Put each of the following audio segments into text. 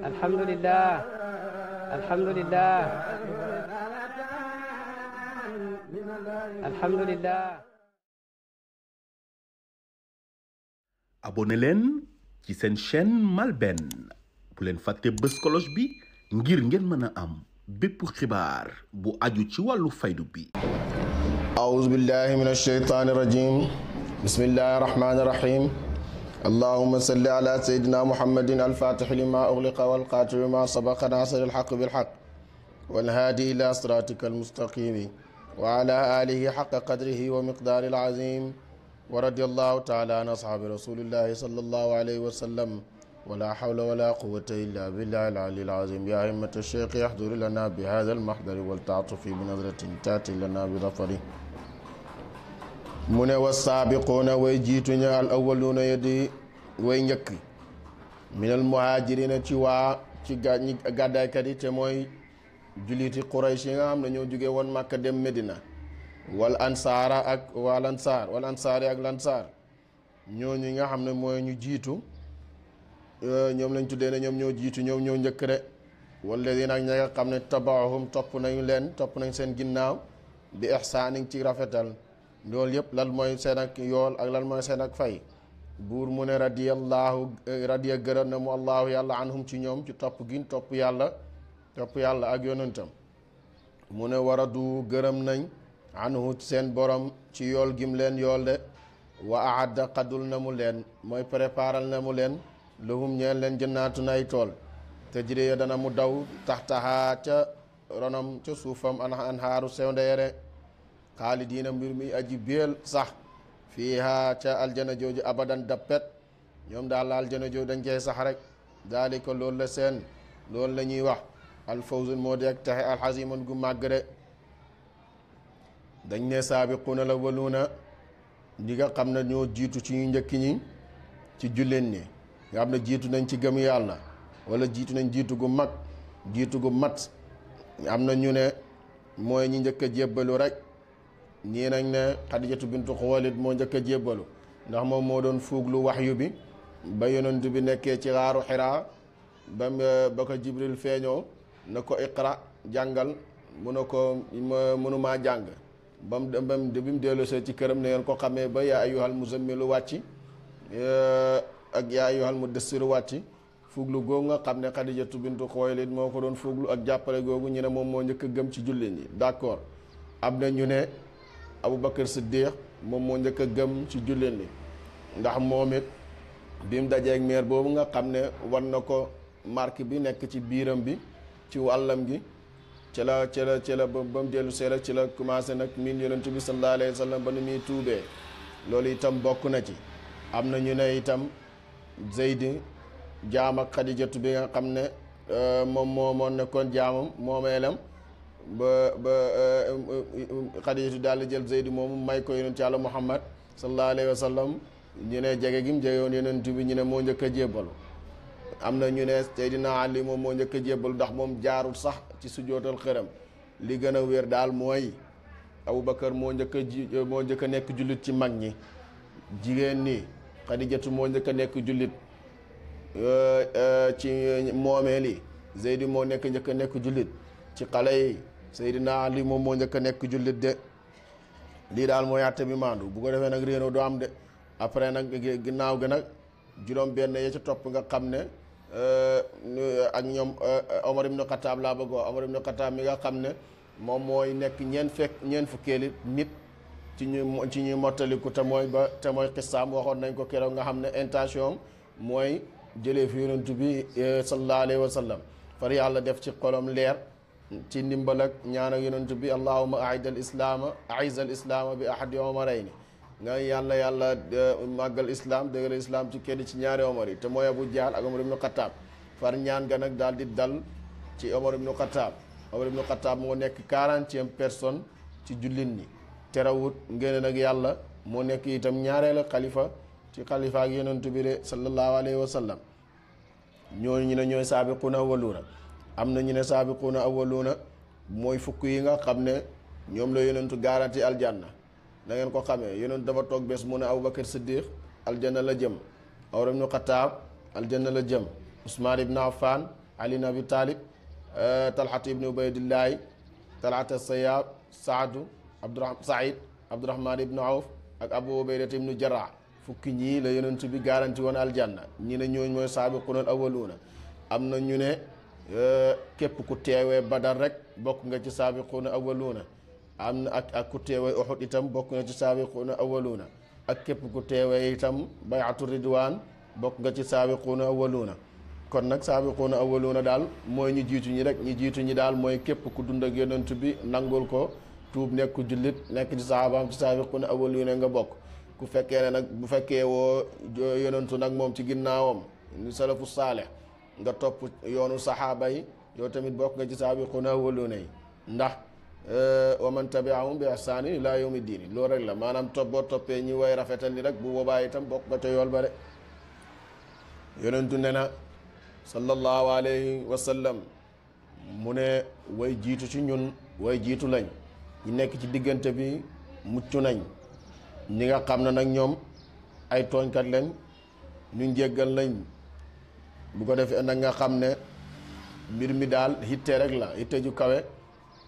alhamdulilah alhamdulilah alhamdulilah abonné leen ci seen chaîne MALBN bu leen fàtte bës cloche bi ngir ngeen mën a am bépp xibaar bu aju ci wàllu faydu bi aouzu billahi min alsheytaani rajim bismillahi rahmaani rahim اللهم صل على سيدنا محمد الفاتح لما أغلق والقاتل لما سبق ناصر الحق بالحق والهادي إلى صراطك المستقيم وعلى آله حق قدره ومقدار العظيم ورضي الله تعالى عن أصحاب رسول الله صلى الله عليه وسلم ولا حول ولا قوة إلا بالله العلي العظيم يا همة الشيخ يحضر لنا بهذا المحضر والتعطف بنظرة تأتي لنا بظفره mu ne wa saabiquuna jiitu jiituña al awaluuna ya di way njëkk minal muhaajirina ci waa ci gàñi gàddaaykat yi te mooy julliti quraysh yi nga xam ne ñoo jóge woon màkka dem Medina wal ansaara ak wal ansaar wal ansaari ak lansaar ñooñu nga xam ne mooy ñu jiitu eh, ñoom lañ tuddee na ñoom ñoo jiitu ñoom ñoo njëkk de walladina nag ña nga xam ne tabaahum topp nañu leen topp nañ seen ginnaaw bi ixsaanin ci rafetal loolu yëpp lan mooy seen ak yool ak lan mooy seen ak fay buur mu ne radiyallahu eh, radiya gërëm na mu allahu yàlla anhum ci ñoom ci topp gi topp yàlla topp yàlla ak yonentam mu ne waradu gërëm nañ ci seen boroom ci yool gim leen yool de wa ahadda xadul na mu leen mooy préparal na mu leen lahum ñeen leen jënnaatu nay tool te jëre dana mu daw taxtaxaa ca ronam ca suufam an xaaru sew xaalidiina mbir mi aji béel sax fiiha ca aljana jooju abadan dappet ñoom daal la aljana jooju dañ cey sax rek daalika lool la seen loolu la ñuy wax alfawzun moo de ak texe alxasiman gu màgg de dañ ne saabiquuna la waluuna ñi nga xam ne ñoo jiitu ci ñu njëkk ñi ci julleen ñi nga xam ne jiitu nañ ci gëm yàlla wala jiitu nañ jiitu gu mag jiitu gu mat am na ñu ne mooy ñu njëkk a jébbalu rek ñii nañ ne xadijatu bintu xuwalit moo njëkk a jébbalu ndax moom moo doon fuuglu waxyu bi ba yonent bi nekkee ci xaaru xiraa ba ba ko jibril feeñoo na ko iqra jàngal mu ne ko mënumaa jàng bam bam bi mu dellusee ci këram ne ngeen ko xamee ba yaa ayyuhal muzammilu wàcc eh, ak yaa ayyuhal mudassiru wàcc fuglu googu nga xam ne xadijatu bintu xuwaylid moo ko doon fuglu ak jàppale googu ñu ne moom moo njëkk a gëm ci jullit yi d'accord am na ñu ne Aboubacar Siddiq moom moo njëkk a gëm ci jullit li ndax moom it bi mu dajeeg meer boobu nga xam ne war na ko marque bi nekk ci biiram bi ci wàllam gi ci la ci la ci la ba mu dellu see rek ci la commencé nag miin yonent bi sallallahu alayhi wa sallam ba nu muy tuubee loolu itam bokk na ci am na ñu ne itam Zayd jaam ak Xadijatu bi nga xam ne euh, moom moo moo nekkoon jaamam moomeelam ba ba eh, xadijatu daal jël zeydi moom may ko yonent yàlla muhammad sallallahu alayhi wa sallam ñu ne jege gi mu jege woon yonent bi ñu ne moo njëkk a jébbalu am na ñu ne Seydina Ali moom moo njëkk a jébbalu ndax moom jaarul sax ci sujootal xëram li gën a wér daal mooy Aboubacar moo njëkk a ji moo njëkk a nekk jullit ci mag ñi jigéen nii Xadijatu moo njëkk a nekk jullit eh, eh, ci moomeel yi Zeydi moo nekk njëkk a nekk jullit ci xale yi Seydina lii moom moo njëkk a nekk jullit de lii daal mooy àtte bi maandu bu ko defee nag réeroo du am de après nag ginnaaw gi nag juróom benn ya ca topp nga xam ne euh, ak ñoom euh, Omar ibn Khattab laa bëggoo Omar ibn Khattab mi nga xam ne moom mooy nekk ñeen fekk ñeen fukkeeli nit ci ñuy ci ñuy mottaliku te mooy ba te mooy xistaam waxoon nañ ko keroog nga xam ne intention mooy jëlee fi yonent bi euh, sallallahu alayhi wa sallam far yàlla def ci xolom leer ci ndimbal ak ñaan ak yonent bi allahuma aid islaama aiz islaama bi ahadi omarayni nga yàlla yàlla eh, màggal islam dëggal islam ci kenn ci ñaari omar yi te mooy abu ak omar ibnu xataab far ñaan ga nag daal di dal ci omar ibnu xataab omar ibnu xataab moo nekk quarantième personne ci jullit ñi terawut ngeen nag yàlla moo nekk itam ñaareelu xalifa ci xalifa ak yonent bi de sallallahu alayhi wa sallam ñooñu ne ñooy saabiquuna awwaluuna am na ñu ne saabiquuna awaluuna mooy fukk yi nga xam ne ñoom la yonentu garanti aljana na ko xamee yonentu dafa toog bés mu ne Abubakar Siddiq aljanna la jëm Umar ibnu Xataab aljanna la jëm Usmaan ibnu Affaan Ali ibnu Abi Taalib eh, Talxat ibnu Ubaydillaahi Talxat Sayaab Saadu Abdura Saïd Abdurahmaan ak Abu Ubaydat ibnu Jarrah fukki ñii la yonentu bi garanti woon aljanna ñi ne ñooñ mooy saabiquuna awaluuna am na ñu ne képp ku teewee badar rek bokk nga ci saabiquuna awaluuna am na ak ak ku teewee uxud itam bokk nga ci saabiquuna awaluuna ak képp ku teewee itam bayatu ridwaan bokk nga ci saabiquuna awaluuna kon nag saabiquuna awaluuna daal mooy ñu jiitu ñi rek ñi jiitu ñi daal mooy képp ku dund ak yonent bi nangul ko tuub nekk jullit nekk ci saxaabaam ci saabiquuna awaluuna nga bokk ku fekkee ne nag bu fekkee woo yonentu nag moom ci ginnaawam salafu saaleh nga topp yoonu saxaaba yi yow tamit bokk nga ci saabiquuna awwaluuna yi ndax euh, wa man tabiahum bi ihsaanin ilaa yawmi diini loolu rek la maanaam topp boo toppee ñi way rafetal ni rek bu boobaa itam bokk nga ca ba de yonentu ne na sallallahu alayhi wasalam mu ne way jiitu ci ñun way jiitu lañ ñi nekk ci diggante bi mucc nañ ñi nga xam ne nag ñoom ay tooñkat lañ ñu njéggal lañ bu ko defee nag nga xam ne mbir mi daal hitte rek la hitte ju kawe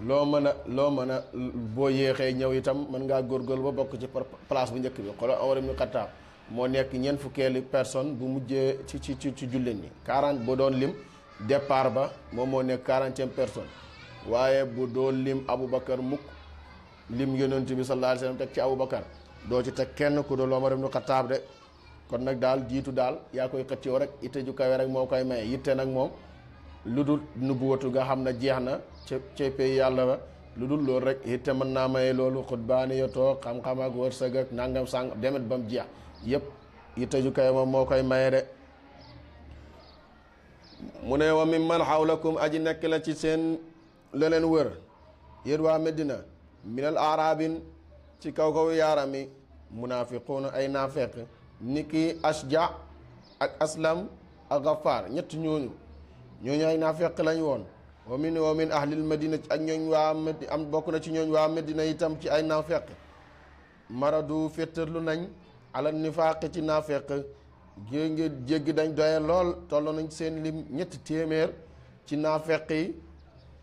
loo mën a loo mën a boo yéexee ñëw itam mën ngaa góor góor ba bokk ci place bu njëkk bi xoolal Omar ibn Khattab moo nekk ñeent fukkeeli personne bu mujjee ci ci ci ci jullit ñi. 40 boo doon lim départ ba moom moo nekk quarantième personne waaye bu doon lim Aboubacar mukk lim yonent bi sallallahu alayhi wa sallam teg ci Aboubacar doo ci teg kenn ku doon Omar ibn Khattab de. kon nag daal jiitu daal yaa koy xëccoo rek itte ju kawe rek moo koy maye yitte nag moom lu dul nubuwatu nga xam ne jeex na ca ca yàlla ba lu dul loolu rek itte mën naa maye loolu xutbaani yo toog xam-xam ak wërsëg ak nangam sàng demet ba mu jeex yëpp yitte ju kawe moom moo koy maye de mu ne wa min man xawlakum aji nekk la ci seen la leen wër yéen waa Medina minal aarabin ci kaw kaw yaaram yi munaafiquuna ay naafeq niki ashja ak aslam ak gafaar ñett ñooñu ñooñu ay naafeq lañu woon wa min wa min ahlil madina ak ñooñ waa madina am bokk na ci ñooñ waa madina itam ci ay naafeq maradu féttarlu nañ ala nifaaq ci naafeq jéngi jéggi dañ doye lool toll nañ seen lim ñetti téeméer ci naafeq yi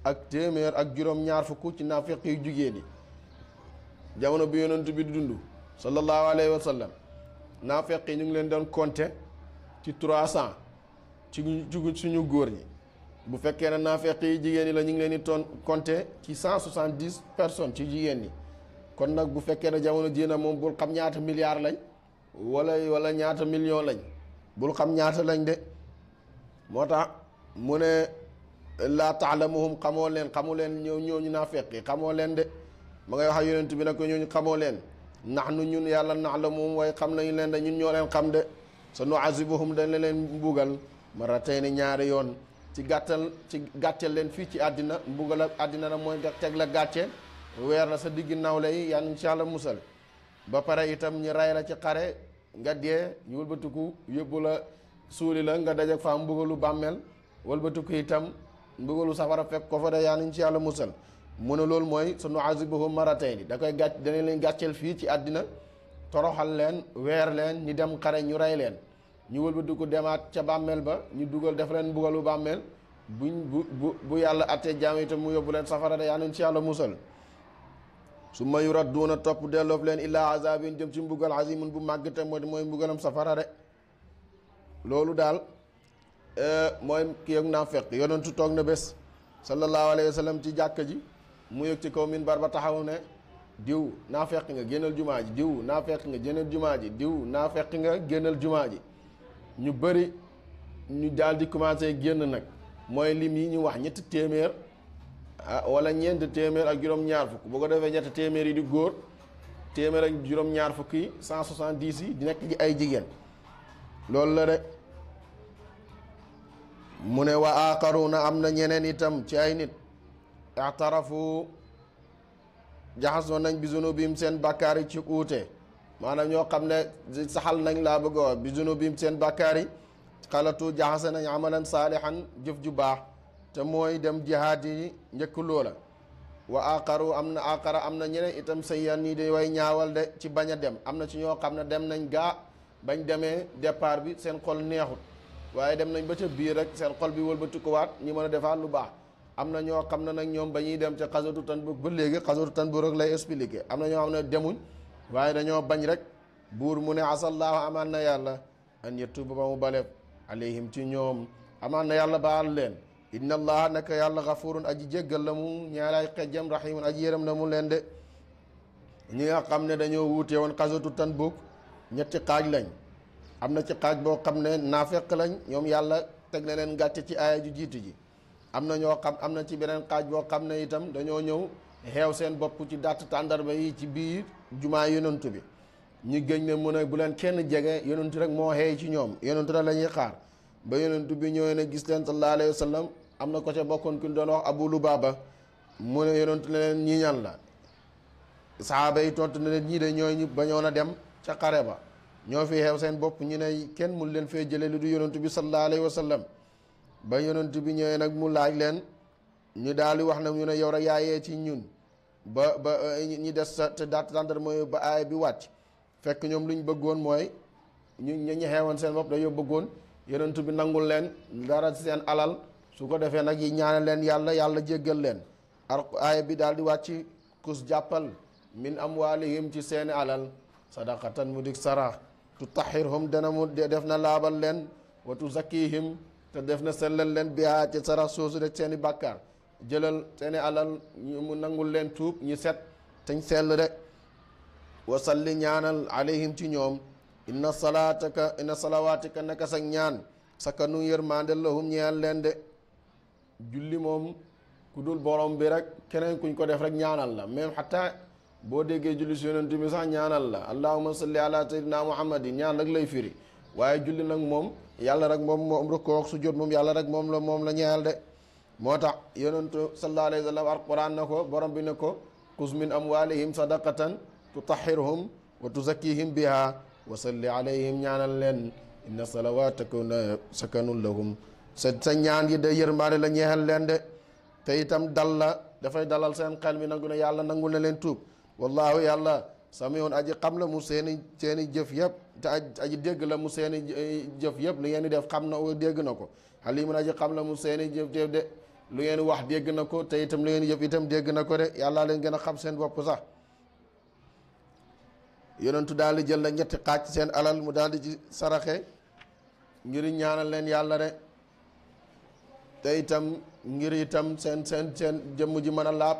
ak téeméer ak juróom-ñaar fukk ci naafeq yu jigéen yi jamono bi yonent bi dund sallallahu alayhi wa sallam naafeq yi ñu ngi leen doon compter ci trois cent ci suñu góor yi bu fekkee ne naafeq yi jigéen ñi la ñu ngi leen di toon compter ci cent soixante dix personnes ci jigéen ñi kon nag bu fekkee ne jamono jii na moom bul xam ñaata milliards lañ wala wala ñaata million lañ bul xam ñaata lañ de moo tax mu ne laa taalamuhum xamoo leen xamu leen ñu ñooñu naafeq yi xamoo leen de ma ngay wax ak bi nag ko ñu xamoo leen nax nu ñun yàlla nax la moom waaye xam nañu leen de ñun ñoo leen xam de sa boo azibuhum dañ leen mbugal mara tey ni ñaari yoon ci gàttal ci gàcceel leen fii ci àddina mbugal ak àddina nag mooy teg la gàcce weer la sa diggi nawle yi yàlla incha musal ba pare itam ñu ray la ci xare nga dee ñu wëlbatiku yóbbu la suuli la nga dajak fa mbugalu bàmmeel wëlbatiku itam mbugalu safara fekk ko fa de yàlla musal mu ne loolu mooy sunu azibuhum maratayni da koy gàcc danañ leen gàcceel fii ci àddina toroxal leen weer leen ñu dem xare ñu rey leen ñu wëlbati ko demaat ca bàmmeel ba ñu dugal def leen mbugalu bàmmeel buñ bu bu bu yàlla attee jaam itam mu yóbbu leen safara de yaanuñ ci yàlla musal su ma yuradduuna topp delloof leen illaa azabin jëm ci mbugal mun bu màgg te mooy mbugalam safara de loolu daal eh, mooy kii ak naafeq yonentu toog na bés sallallahu alayhi wa sallam ci jàkka ji mu yëg ci kaw minbar ba taxaw ne diw naa fekk nga génnal jumaa ji diw naa fekk nga génnal jumaa ji diw naa fekk nga génnal jumaa ji ñu bëri ñu daldi di commencé génn nag mooy lim yi ñu wax ñetti téeméer ah wala ñeenti téeméer ak juróom-ñaar fukk boo ko defee ñetti téeméer yi di góor téeméer ak juróom-ñaar fukk yi cent soixante-dix yi di nekk gi ay jigéen loolu la de mu ne wa na am na ñeneen itam ci ay nit itarafu jaxasoo nañ bi zunubihim seen bàkkaar yi ci uute maanaam ñoo xam ne saxal nañ laa bëgg a wax bi zunubihim seen bàkkaar yi xalatu jaxase nañ amalan saalihan jëf ju baax te mooy dem jihaad yi njëkk loola waa aqaru am na aqara am na ñeneen itam yaan nii de way ñaawal de ci bañ a dem am na ci ñoo xam ne dem nañ gaa bañ demee départ bi seen xol neexut waaye dem nañ ba ca biir rek seen xol bi wëlbatikuwaat ñi mën a defaat lu baax am na ñoo xam ne nag ñoom ba ñuy dem ca tan Tanbuk ba léegi xasatu tan rek lay expliqué am na ñoo xam ne demuñ waaye dañoo bañ rek buur mu ne asallaahu amaan na yàlla am yettuba ba mu baleeb ci ñoom amaan na yàlla baal leen inna allaha naka yàlla xafurun aji jéggal la mu ñaaraay xejjam rahimun aji yërëm la mu leen de ñi nga xam ne dañoo wuute woon tan Tanbuk ñetti xaaj lañ am na ci xaaj boo xam ne naafeq lañ ñoom yàlla teg na leen gàcce ci aaya ju jiitu ji am na ñoo xam am na ci beneen xaaj boo xam ne itam dañoo ñëw xeew seen bopp ci dàtt tàndarba yi ci biir jumaa yonent bi ñu gëñ ne mu ne bu leen kenn jege yonent rek moo xeey ci ñoom yonent rek la ñuy xaar ba yonent bi ñëwee ne gis leen sallallahu alayhi wa sallam am na ko ca bokkoon ku doon wax abu lubaaba mu ne yonent ne leen ñii ñan la saaba yi tontu na leen ñii de ñooy ba bañoon na dem ca xare ba ñoo fi xeew seen bopp ñu ne kenn mun leen fee jëlee lu du yonent bi sallallahu alayhi wa sallam ba yonent bi ñëwee nag mu laaj leen ñu daal di wax nag ñu ne yow rek yaayee ci ñun ba ba eh, ñi des sa te daat tàndar mooy ba aay bi wàcc fekk ñoom lu ñu bëggoon mooy ñu ñu xewoon seen bopp dañoo bëggoon yonent bi nangul leen dara seen alal su ko defee nag yi ñaane leen yàlla yàlla jéggal leen ar aay bi daal di wàcc kus jàppal min amwaalihim ci seeni alal sadaqatan mu dig sarax tutahhirhum dana mu def na laabal leen wa tuzakkihim te def na sellal leen bihaa ci sarax soosu rek seen i bàkkaar jëlal seen i alal mu nangul leen tuub ñu set teñ sell rek wa ñaanal alayhim ci ñoom inna salaataka inna salawaatika naka sa ñaan sa nu yërmande lahum ñeel leen de julli moom ku dul borom bi rek keneen kuñ ko def rek ñaanal la même xataa boo déggee julli si ñaanal la allahumma salli ala sayyidina ñaan lay firi waaye julli nag moom yàlla rek moom moom rukkoo ak sujjóot moom yàlla rek moom la moom la ñeel de moo tax yonentu sallallahu alayhi wa sallam alquran na ko borom bi ne ko xuz min amwalihim sadaqatan tutahhiruhum wa tuzakkihim biha wa salli alayhim ñaanal leen inna na sakanun lahum sa sa ñaan yi de yërmaande la ñeexal leen de te itam dal la dafay dalal seen xel mi nangu ne yàlla nangu na leen tuub wallaahu yàlla sama yoon aji xam la mu seeni seeni jëf yëpp te aj dégg la mu seeni eh, jëf yëpp lu ngeen di def xam na dégg na ko xalimun aji xam la mu seeni jëf de lu ngeen wax dégg na ko te itam lu ngeen jëf itam dégg na ko de yàllaa leen gën a xam seen bopp sax yonentu daal di jël la ñetti xaaj seen alal mu daal di ci saraxe ngir ñaanal leen yàlla de te itam ngir itam seen seen seen jëmm ji mën a laab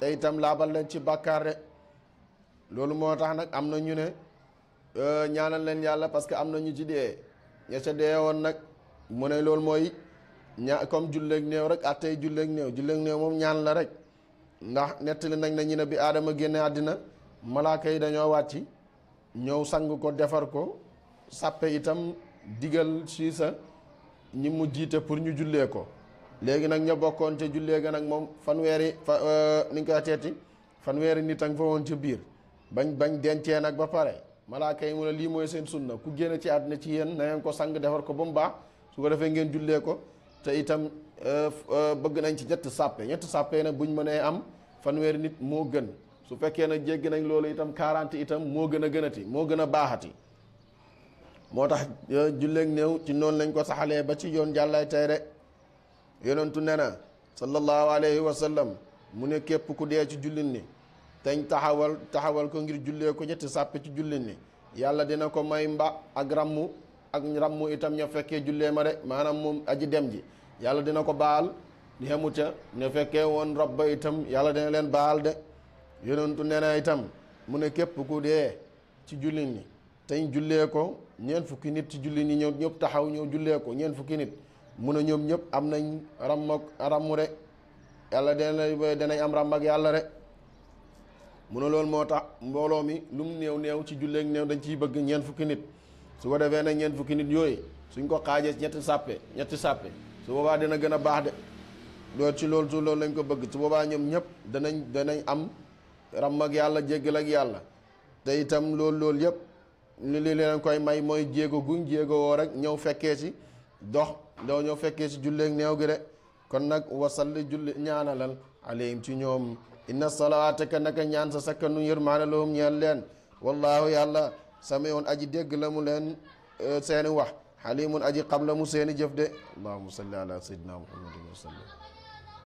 te itam laabal leen ci bàkkaar de loolu moo tax nag am na ñu ne euh, ñaanal leen yàlla parce que am na ñu ci dee ña ca dee woon nag mu ne loolu mooy ña comme julleeg néew rek attey julleeg néew julleeg néew moom ñaan la rek ndax nettali nag na ñu ne bi aadama génne àddina malaaka yi dañoo wàcc ñëw sang ko defar ko sàppe itam digal si sa ñi mu jiite pour ñu jullee ko léegi nag ña bokkoon ca jullee nag moom fanweeri fa euh, ni ñu koy teeti fanweeri nit ak fa woon ca biir bañ bañ dencee nag ba pare malaaka yi mu ne lii mooy seen sunna ku génn ci àddina ci yéen na ko sang defar ko ba mu baax su ko defee ngeen jullee ko te itam euh, euh, bëgg nañ ci ñetti sàppe ñetti sàppe nag bu buñ mënee am fanweeri nit moo gën su fekkee nag jéggi nañ loolu itam 40 itam moo gën a gënati moo gën a baaxati moo tax euh, julleeg néew ci noonu lañ ko saxalee ba ci yoon jàllaay tey de yonentu ne na sallallahu alayhi wa mu ne képp ku dee ci jullit ni teñ taxawal taxawal ko ngir jullee ko ñetti sàpp ci jullit ni yàlla dina ko may mba ak ràmmu ak rammu itam ña fekkee jullee ma de maanaam moom aji dem ji yàlla dina ko baal yemu ca woon rob itam yàlla dina leen baal de yonentu nee na itam mu ne képp ku dee ci jullit ni teñ jullee ko ñeen fukki nit ci julli ni ñëw ñëpp taxaw ñëw jullee ko ñeent fukki nit mu ne ñoom ñëpp am nañ ramm ak rammu de yàlla dina danañ am ramm ak yàlla rek mu ne loolu moo tax mbooloo mi lu mu néew néew ci julleek néew dañ ciy bëgg ñeent fukki nit su ko defee nag ñeent fukki nit yooyu suñ ko xaajee ñetti sàppe ñetti sàppe su boobaa dina gën a baax de loolu ci loolu su lañ ko bëgg su boobaa ñoom ñëpp danañ danañ am ram ak yàlla jéggal ak yàlla te itam loolu loolu yëpp li li leen koy may mooy jéego guñ jéego woo rek ñëw fekkee si dox doo ñëw fekkee si julleeg néew gi de kon nag wasalli julli ñaanalal alayhim ci ñoom inna salawaataka naka ñaan sa sakkanu yërmaane lahum ñeel leen wallaahu yàlla samiun aji dégg la mu leen eh, seeni wax xalimun aji xam la mu seeni jëf de allahuma salli ala sayyidina muhammadin wa sallam